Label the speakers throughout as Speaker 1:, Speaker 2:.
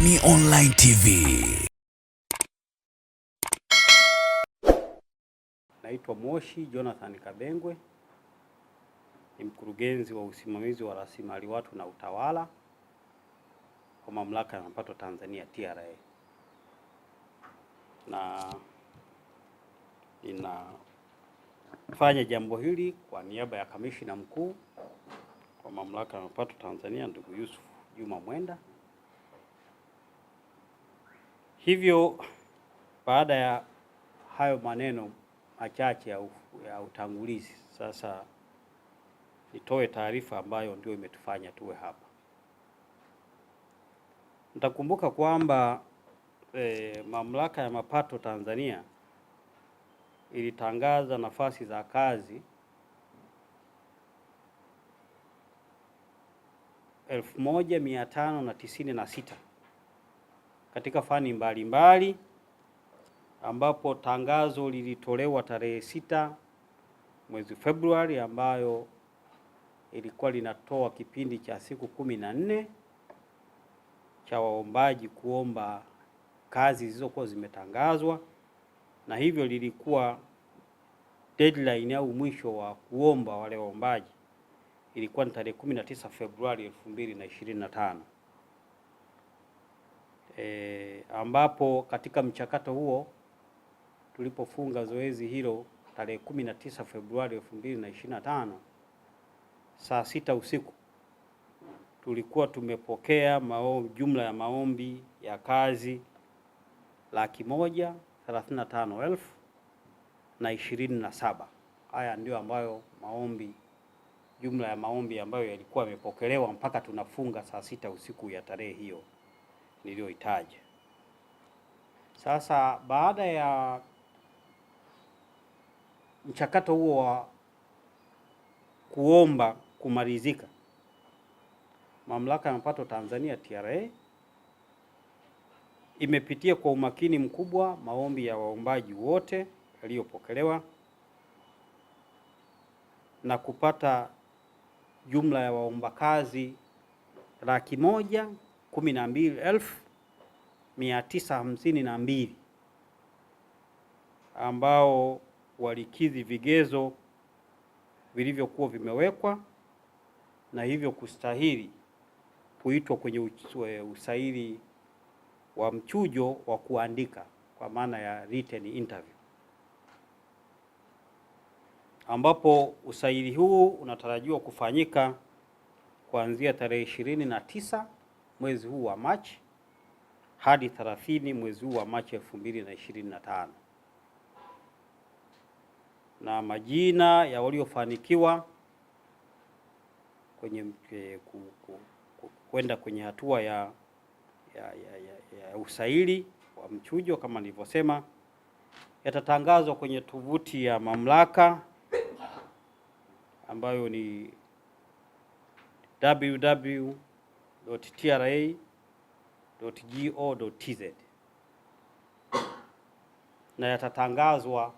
Speaker 1: Boni Online TV.
Speaker 2: Naitwa Moshi Jonathan Kabengwe, ni mkurugenzi wa usimamizi wa rasilimali watu na utawala kwa Mamlaka ya Mapato Tanzania TRA, na ninafanya jambo hili kwa niaba ya kamishina mkuu kwa Mamlaka ya Mapato Tanzania ndugu Yusuf Juma Mwenda Hivyo baada ya hayo maneno machache ya, ya utangulizi, sasa nitoe taarifa ambayo ndio imetufanya tuwe hapa. Mtakumbuka kwamba e, Mamlaka ya Mapato Tanzania ilitangaza nafasi za kazi elfu moja mia tano na tisini na sita katika fani mbalimbali mbali, ambapo tangazo lilitolewa tarehe sita mwezi Februari ambayo ilikuwa linatoa kipindi cha siku kumi na nne cha waombaji kuomba kazi zilizokuwa zimetangazwa, na hivyo lilikuwa deadline au mwisho wa kuomba wale waombaji ilikuwa ni tarehe 19 Februari 2025 e, ambapo katika mchakato huo tulipofunga zoezi hilo tarehe 19 Februari 2025 saa sita usiku tulikuwa tumepokea mao, jumla ya maombi ya kazi laki moja thelathini na tano elfu na ishirini na saba. Haya ndio ambayo maombi jumla ya maombi ambayo yalikuwa yamepokelewa mpaka tunafunga saa sita usiku ya tarehe hiyo niliyoitaja. Sasa baada ya mchakato huo wa kuomba kumalizika, Mamlaka ya Mapato Tanzania TRA imepitia kwa umakini mkubwa maombi ya waombaji wote yaliyopokelewa na kupata jumla ya waomba kazi laki moja kumi na mbili elfu mia tisa hamsini na mbili ambao walikidhi vigezo vilivyokuwa vimewekwa na hivyo kustahili kuitwa kwenye usaili wa mchujo wa kuandika kwa maana ya written interview, ambapo usaili huu unatarajiwa kufanyika kuanzia tarehe ishirini na tisa mwezi huu wa Machi hadi 30 mwezi huu wa Machi 2025 na majina ya waliofanikiwa kwenye eh, kwenda kwenye hatua ya, ya, ya, ya, ya usaili wa mchujo kama nilivyosema, yatatangazwa kwenye tovuti ya mamlaka ambayo ni www tz na yatatangazwa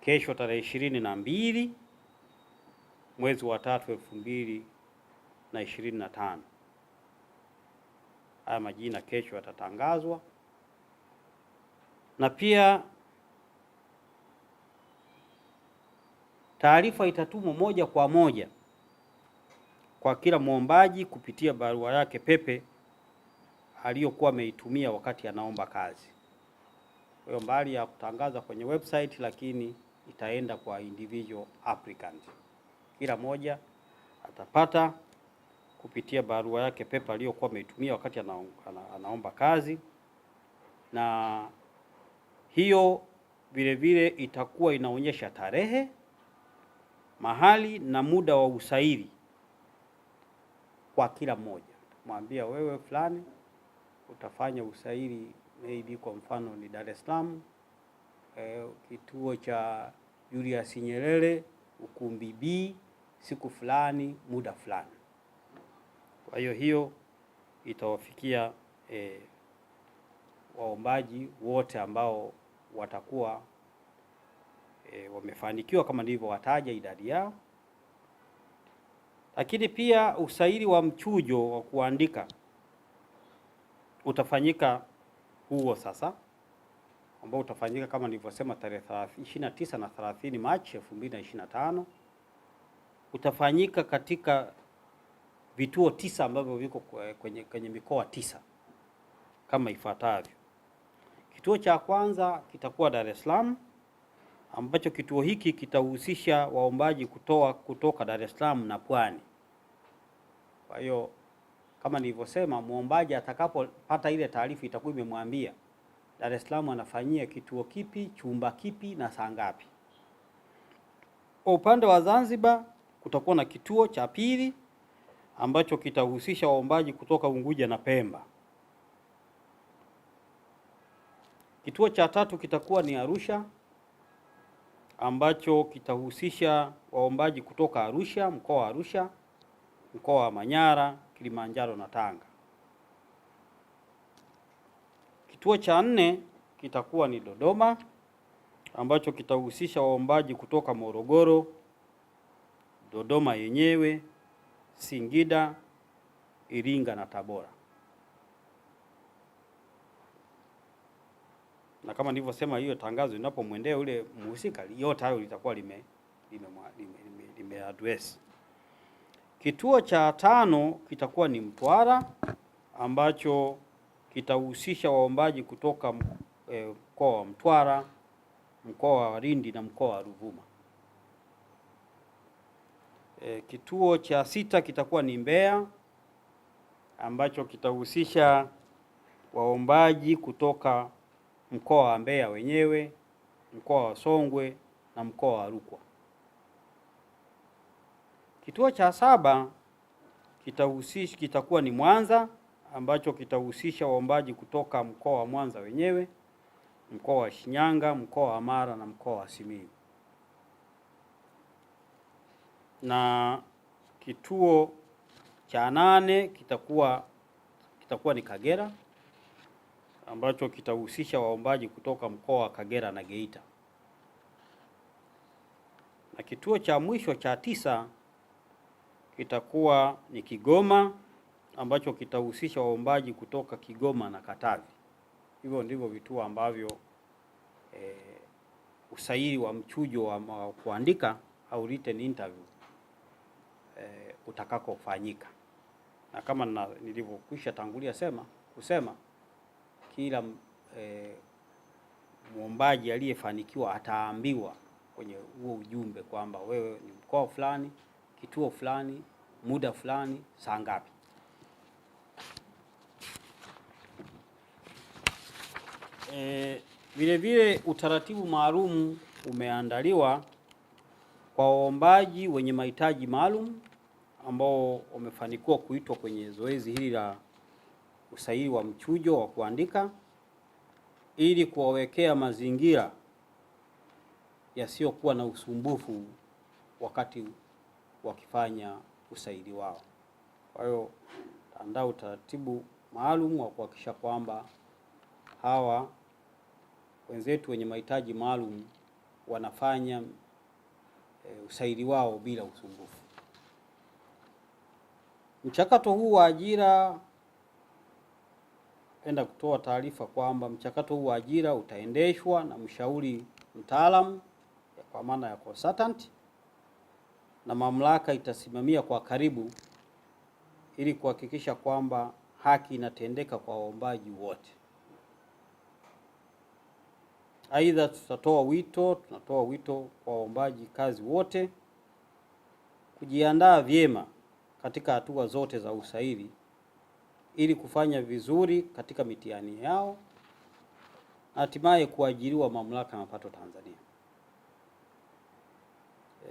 Speaker 2: kesho tarehe ishirini na mbili mwezi wa tatu elfu mbili na ishirini na tano. Haya majina kesho yatatangazwa, na pia taarifa itatumwa moja kwa moja kwa kila mwombaji kupitia barua yake pepe aliyokuwa ameitumia wakati anaomba kazi. Kwa hiyo mbali ya kutangaza kwenye website, lakini itaenda kwa individual applicant. Kila moja atapata kupitia barua yake pepe aliyokuwa ameitumia wakati anaomba kazi, na hiyo vile vile itakuwa inaonyesha tarehe, mahali na muda wa usaili kwa kila mmoja, mwambia wewe fulani utafanya usaili maybe kwa mfano ni Dar es Salaam eh, kituo cha Julius Nyerere ukumbi B siku fulani muda fulani. Kwa hiyo hiyo itawafikia eh, waombaji wote ambao watakuwa eh, wamefanikiwa kama nilivyowataja wataja idadi yao. Lakini pia usaili wa mchujo wa kuandika utafanyika huo sasa, ambao utafanyika kama nilivyosema tarehe 29 na 30 Machi 2025 utafanyika katika vituo tisa ambavyo viko kwenye, kwenye mikoa tisa kama ifuatavyo. Kituo cha kwanza kitakuwa Dar es Salaam, ambacho kituo hiki kitahusisha waombaji kutoa kutoka Dar es Salaam na Pwani. Kwa hiyo kama nilivyosema, muombaji atakapopata ile taarifa itakuwa imemwambia Dar es Salaam anafanyia kituo kipi, chumba kipi na saa ngapi. Kwa upande wa Zanzibar kutakuwa na kituo cha pili ambacho kitahusisha waombaji kutoka Unguja na Pemba. Kituo cha tatu kitakuwa ni Arusha ambacho kitahusisha waombaji kutoka Arusha, mkoa wa Arusha mkoa wa Manyara, Kilimanjaro na Tanga. Kituo cha nne kitakuwa ni Dodoma ambacho kitahusisha waombaji kutoka Morogoro, Dodoma yenyewe, Singida, Iringa na Tabora. Na kama nilivyosema, hiyo tangazo linapomwendea ule mhusika, yote hayo litakuwa lime lime, lime, lime address Kituo cha tano kitakuwa ni Mtwara ambacho kitahusisha waombaji kutoka eh, mkoa wa Mtwara, mkoa wa Lindi na mkoa wa Ruvuma. E, kituo cha sita kitakuwa ni Mbeya ambacho kitahusisha waombaji kutoka mkoa wa Mbeya wenyewe, mkoa wa Songwe na mkoa wa Rukwa. Kituo cha saba kitahusisha kitakuwa ni Mwanza ambacho kitahusisha waombaji kutoka mkoa wa Mwanza wenyewe, mkoa wa Shinyanga, mkoa wa Mara na mkoa wa Simiyu. Na kituo cha nane kitakuwa kitakuwa ni Kagera ambacho kitahusisha waombaji kutoka mkoa wa Kagera na Geita. Na kituo cha mwisho cha tisa itakuwa ni Kigoma ambacho kitahusisha waombaji kutoka Kigoma na Katavi. Hivyo ndivyo vituo ambavyo e, usaili wa mchujo wa kuandika au written interview e, utakakofanyika, na kama nilivyokwisha tangulia sema kusema kila e, mwombaji aliyefanikiwa ataambiwa kwenye huo ujumbe kwamba wewe ni mkoa fulani kituo fulani muda fulani saa ngapi. E, vilevile utaratibu maalum umeandaliwa kwa waombaji wenye mahitaji maalum ambao wamefanikiwa kuitwa kwenye zoezi hili la usaili wa mchujo wa kuandika ili kuwawekea mazingira yasiyokuwa na usumbufu wakati wakifanya usaili wao. Kwa hiyo taandaa utaratibu maalum wa kuhakikisha kwamba hawa wenzetu wenye mahitaji maalum wanafanya e, usaili wao bila usumbufu. Mchakato huu wa ajira, enda kutoa taarifa kwamba mchakato huu wa ajira utaendeshwa na mshauri mtaalamu kwa maana ya consultant na mamlaka itasimamia kwa karibu ili kuhakikisha kwamba haki inatendeka kwa waombaji wote. Aidha, tutatoa wito tunatoa wito kwa waombaji kazi wote kujiandaa vyema katika hatua zote za usaili ili kufanya vizuri katika mitihani yao na hatimaye kuajiriwa Mamlaka ya Mapato Tanzania.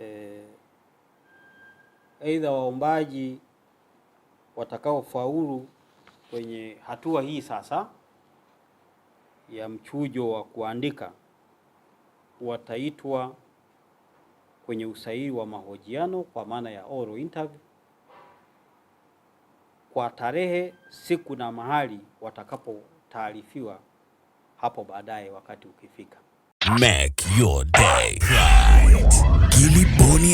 Speaker 2: E, aidha waombaji watakaofaulu kwenye hatua hii sasa ya mchujo wa kuandika wataitwa kwenye usaili wa mahojiano kwa maana ya oral interview kwa tarehe, siku na mahali watakapotaarifiwa hapo baadaye wakati ukifika.
Speaker 1: Make your day.